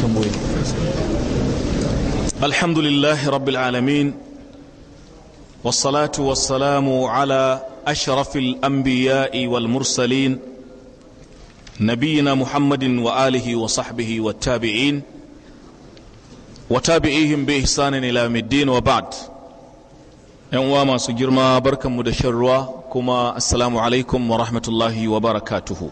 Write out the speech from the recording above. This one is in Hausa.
tambayoyi alhamdulillahi rabbil alamin wassalatu wassalamu ala ashrafil anbiya'i wal mursalin nabiyina muhammadin wa alihi wa sahbihi wa tabi'in wa tabi'ihim bi ihsanin ila middin wa ba'd yan uwa masu girma barkanmu da shan ruwa kuma assalamu alaikum wa rahmatullahi wa barakatuhu